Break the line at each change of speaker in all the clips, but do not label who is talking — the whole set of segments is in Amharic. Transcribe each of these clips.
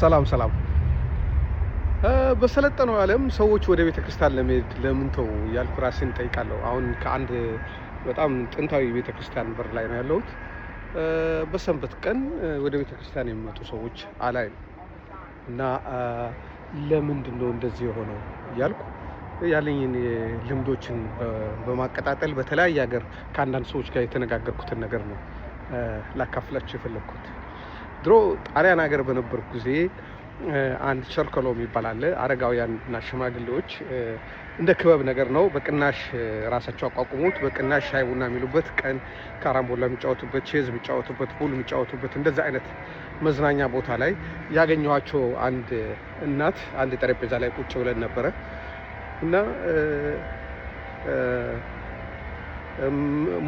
ሰላም ሰላም። በሰለጠነው ዓለም ሰዎች ወደ ቤተ ክርስቲያን ለመሄድ ለምን ተው ያልኩ ራሴን ጠይቃለሁ። አሁን ከአንድ በጣም ጥንታዊ ቤተ ክርስቲያን በር ላይ ነው ያለሁት። በሰንበት ቀን ወደ ቤተ ክርስቲያን የሚመጡ ሰዎች አላይ እና ለምንድን ነው እንደዚህ የሆነው እያልኩ ያለኝን ልምዶችን በማቀጣጠል በተለያየ ሀገር ከአንዳንድ ሰዎች ጋር የተነጋገርኩትን ነገር ነው ላካፍላችሁ የፈለግኩት። ድሮ ጣሊያን ሀገር በነበርኩ ጊዜ አንድ ቸርከሎ የሚባል አለ። አረጋውያንና ሽማግሌዎች እንደ ክበብ ነገር ነው። በቅናሽ ራሳቸው አቋቁሙት። በቅናሽ ሻይ ቡና የሚሉበት ቀን ካራምቦላ የሚጫወቱበት፣ ቼዝ የሚጫወቱበት፣ ቡል የሚጫወቱበት እንደዚህ አይነት መዝናኛ ቦታ ላይ ያገኘኋቸው አንድ እናት አንድ ጠረጴዛ ላይ ቁጭ ብለን ነበረ እና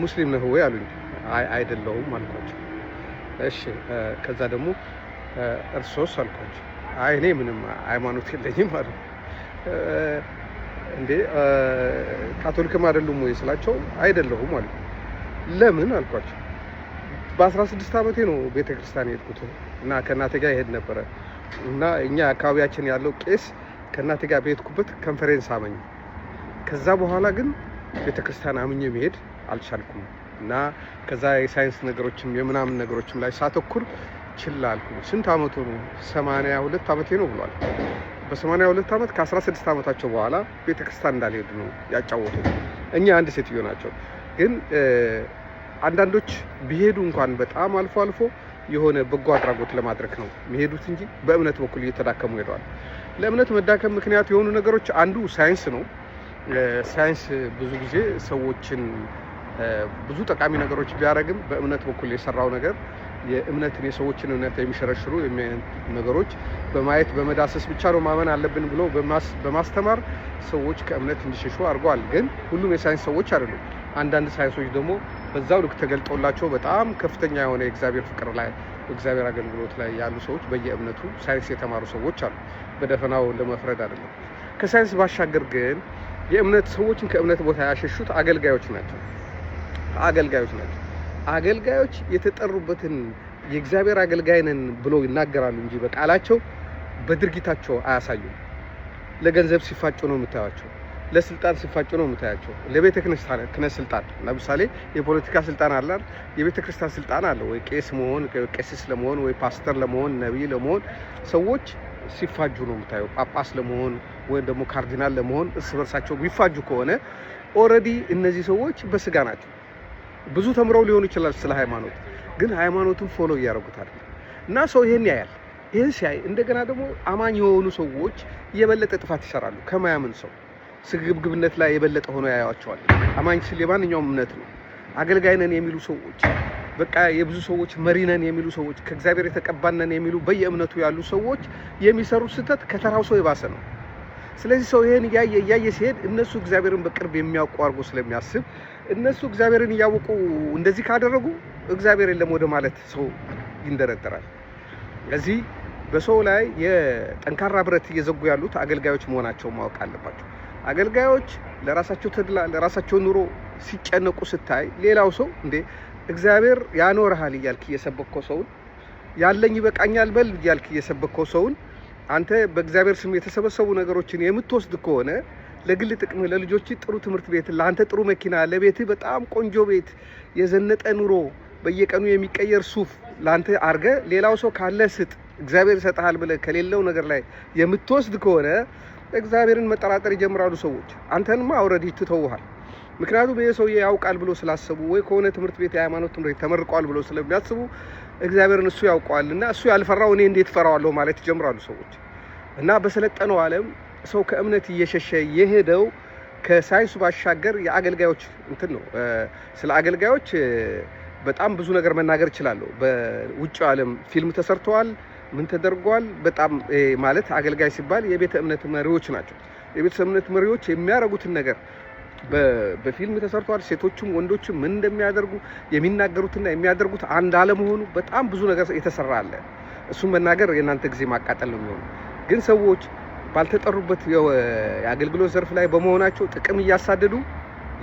ሙስሊም ነህ ወይ አሉኝ። አይደለሁም አልኳቸው። እሺ ከዛ ደግሞ እርሶስ አልኳቸው። አይ እኔ ምንም ሃይማኖት የለኝም አሉ። እንዴ ካቶሊክም አይደሉም ወይ ስላቸው አይደለሁም አሉ። ለምን አልኳቸው። በ16 ዓመቴ ነው ቤተክርስቲያን የሄድኩት እና ከእናቴ ጋር ይሄድ ነበረ እና እኛ አካባቢያችን ያለው ቄስ ከእናቴ ጋር በሄድኩበት ኮንፈረንስ አመኝ። ከዛ በኋላ ግን ቤተክርስቲያን አምኜ መሄድ አልቻልኩም። እና ከዛ የሳይንስ ነገሮችም የምናምን ነገሮችም ላይ ሳተኩር ችላ አልኩ። ስንት አመቱ ነው? ሰማንያ ሁለት አመቴ ነው ብሏል። በሰማንያ ሁለት አመት ከ16 አመታቸው በኋላ ቤተክርስቲያን እንዳልሄዱ ነው ያጫወቱ። እኛ አንድ ሴትዮ ናቸው። ግን አንዳንዶች ቢሄዱ እንኳን በጣም አልፎ አልፎ የሆነ በጎ አድራጎት ለማድረግ ነው የሚሄዱት እንጂ በእምነት በኩል እየተዳከሙ ሄደዋል። ለእምነት መዳከም ምክንያት የሆኑ ነገሮች አንዱ ሳይንስ ነው። ሳይንስ ብዙ ጊዜ ሰዎችን ብዙ ጠቃሚ ነገሮች ቢያደርግም በእምነት በኩል የሰራው ነገር የእምነትን የሰዎችን እምነት የሚሸረሽሩ ነገሮች በማየት በመዳሰስ ብቻ ነው ማመን አለብን ብሎ በማስተማር ሰዎች ከእምነት እንዲሸሹ አድርገዋል። ግን ሁሉም የሳይንስ ሰዎች አይደሉም። አንዳንድ ሳይንሶች ደግሞ በዛው ልክ ተገልጦላቸው በጣም ከፍተኛ የሆነ የእግዚአብሔር ፍቅር ላይ እግዚአብሔር አገልግሎት ላይ ያሉ ሰዎች በየእምነቱ ሳይንስ የተማሩ ሰዎች አሉ። በደፈናው ለመፍረድ አይደለም። ከሳይንስ ባሻገር ግን የእምነት ሰዎችን ከእምነት ቦታ ያሸሹት አገልጋዮች ናቸው። አገልጋዮች ናቸው። አገልጋዮች የተጠሩበትን የእግዚአብሔር አገልጋይ ነን ብለው ይናገራሉ እንጂ በቃላቸው በድርጊታቸው አያሳዩም። ለገንዘብ ሲፋጩ ነው የምታያቸው። ለስልጣን ሲፋጩ ነው የምታያቸው። ለቤተ ክርስቲያን ስልጣን ለምሳሌ የፖለቲካ ስልጣን አለ፣ የቤተ ክርስቲያን ስልጣን አለ ወይ ቄስ መሆን ቄስስ ለመሆን ወይ ፓስተር ለመሆን ነቢይ ለመሆን ሰዎች ሲፋጁ ነው የምታየው። ጳጳስ ለመሆን ወይም ደግሞ ካርዲናል ለመሆን እርስ በርሳቸው የሚፋጁ ከሆነ ኦልሬዲ እነዚህ ሰዎች በስጋ ናቸው። ብዙ ተምረው ሊሆን ይችላል ስለ ሃይማኖት፣ ግን ሃይማኖቱን ፎሎ እያደረጉታል እና ሰው ይሄን ያያል። ይህን ሲያይ እንደገና ደግሞ አማኝ የሆኑ ሰዎች የበለጠ ጥፋት ይሰራሉ ከማያምን ሰው ስግብግብነት ላይ የበለጠ ሆኖ ያያቸዋል። አማኝ ስል የማንኛውም እምነት ነው። አገልጋይ ነን የሚሉ ሰዎች፣ በቃ የብዙ ሰዎች መሪ ነን የሚሉ ሰዎች፣ ከእግዚአብሔር የተቀባን የሚሉ በየእምነቱ ያሉ ሰዎች የሚሰሩት ስህተት ከተራው ሰው የባሰ ነው። ስለዚህ ሰው ይሄን እያየ እያየ ሲሄድ እነሱ እግዚአብሔርን በቅርብ የሚያውቁ አድርጎ ስለሚያስብ እነሱ እግዚአብሔርን እያወቁ እንደዚህ ካደረጉ እግዚአብሔር የለም ወደ ማለት ሰው ይንደረደራል። እዚህ በሰው ላይ የጠንካራ ብረት እየዘጉ ያሉት አገልጋዮች መሆናቸውን ማወቅ አለባቸው። አገልጋዮች ለራሳቸው ተድላ ለራሳቸው ኑሮ ሲጨነቁ ስታይ ሌላው ሰው እንዴ እግዚአብሔር ያኖርሃል እያልክ እየሰበከው ሰውን ያለኝ ይበቃኛል በል እያልክ እየሰበከው ሰውን አንተ በእግዚአብሔር ስም የተሰበሰቡ ነገሮችን የምትወስድ ከሆነ ለግል ጥቅም ለልጆች ጥሩ ትምህርት ቤት፣ ለአንተ ጥሩ መኪና፣ ለቤትህ በጣም ቆንጆ ቤት፣ የዘነጠ ኑሮ፣ በየቀኑ የሚቀየር ሱፍ ለአንተ አርገ ሌላው ሰው ካለ ስጥ እግዚአብሔር ይሰጥሃል ብለ ከሌለው ነገር ላይ የምትወስድ ከሆነ እግዚአብሔርን መጠራጠር ይጀምራሉ ሰዎች። አንተንማ አውረድ ትተውሃል። ምክንያቱም ይህ ሰውዬ ያውቃል ብሎ ስላሰቡ ወይ ከሆነ ትምህርት ቤት የሃይማኖት ትምህርት ተመርቋል ብሎ ስለሚያስቡ እግዚአብሔርን እሱ ያውቀዋል እና እሱ ያልፈራው እኔ እንዴት ፈራዋለሁ ማለት ይጀምራሉ ሰዎች እና በሰለጠነው ዓለም ሰው ከእምነት እየሸሸ የሄደው ከሳይንሱ ባሻገር የአገልጋዮች እንትን ነው። ስለ አገልጋዮች በጣም ብዙ ነገር መናገር እችላለሁ። በውጭ ዓለም ፊልም ተሰርተዋል። ምን ተደርጓል? በጣም ማለት አገልጋይ ሲባል የቤተ እምነት መሪዎች ናቸው። የቤተ እምነት መሪዎች የሚያደርጉትን ነገር በፊልም ተሰርቷል። ሴቶችም ወንዶችም ምን እንደሚያደርጉ የሚናገሩትና የሚያደርጉት አንድ አለመሆኑ በጣም ብዙ ነገር የተሰራ አለ። እሱን መናገር የእናንተ ጊዜ ማቃጠል ነው የሚሆኑ። ግን ሰዎች ባልተጠሩበት የአገልግሎት ዘርፍ ላይ በመሆናቸው ጥቅም እያሳደዱ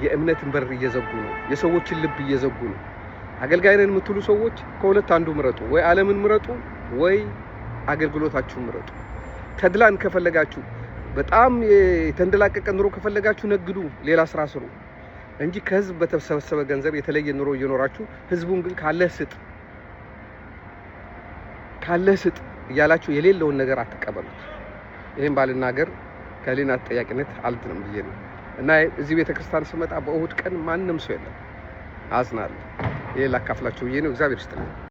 የእምነትን በር እየዘጉ ነው። የሰዎችን ልብ እየዘጉ ነው። አገልጋይ የምትሉ ሰዎች ከሁለት አንዱ ምረጡ። ወይ አለምን ምረጡ፣ ወይ አገልግሎታችሁን ምረጡ። ተድላን ከፈለጋችሁ በጣም የተንደላቀቀ ኑሮ ከፈለጋችሁ ነግዱ፣ ሌላ ስራ ስሩ እንጂ ከህዝብ በተሰበሰበ ገንዘብ የተለየ ኑሮ እየኖራችሁ ህዝቡን ግን ካለ ስጥ ካለ ስጥ እያላችሁ የሌለውን ነገር አትቀበሉት። ይህም ባልናገር ከሌና ተጠያቂነት አልድንም ብዬ ነው እና እዚህ ቤተክርስቲያን ስመጣ በእሁድ ቀን ማንም ሰው የለም። አዝናለሁ። ይህ ላካፍላችሁ ብዬ ነው። እግዚአብሔር ይስጥልኝ።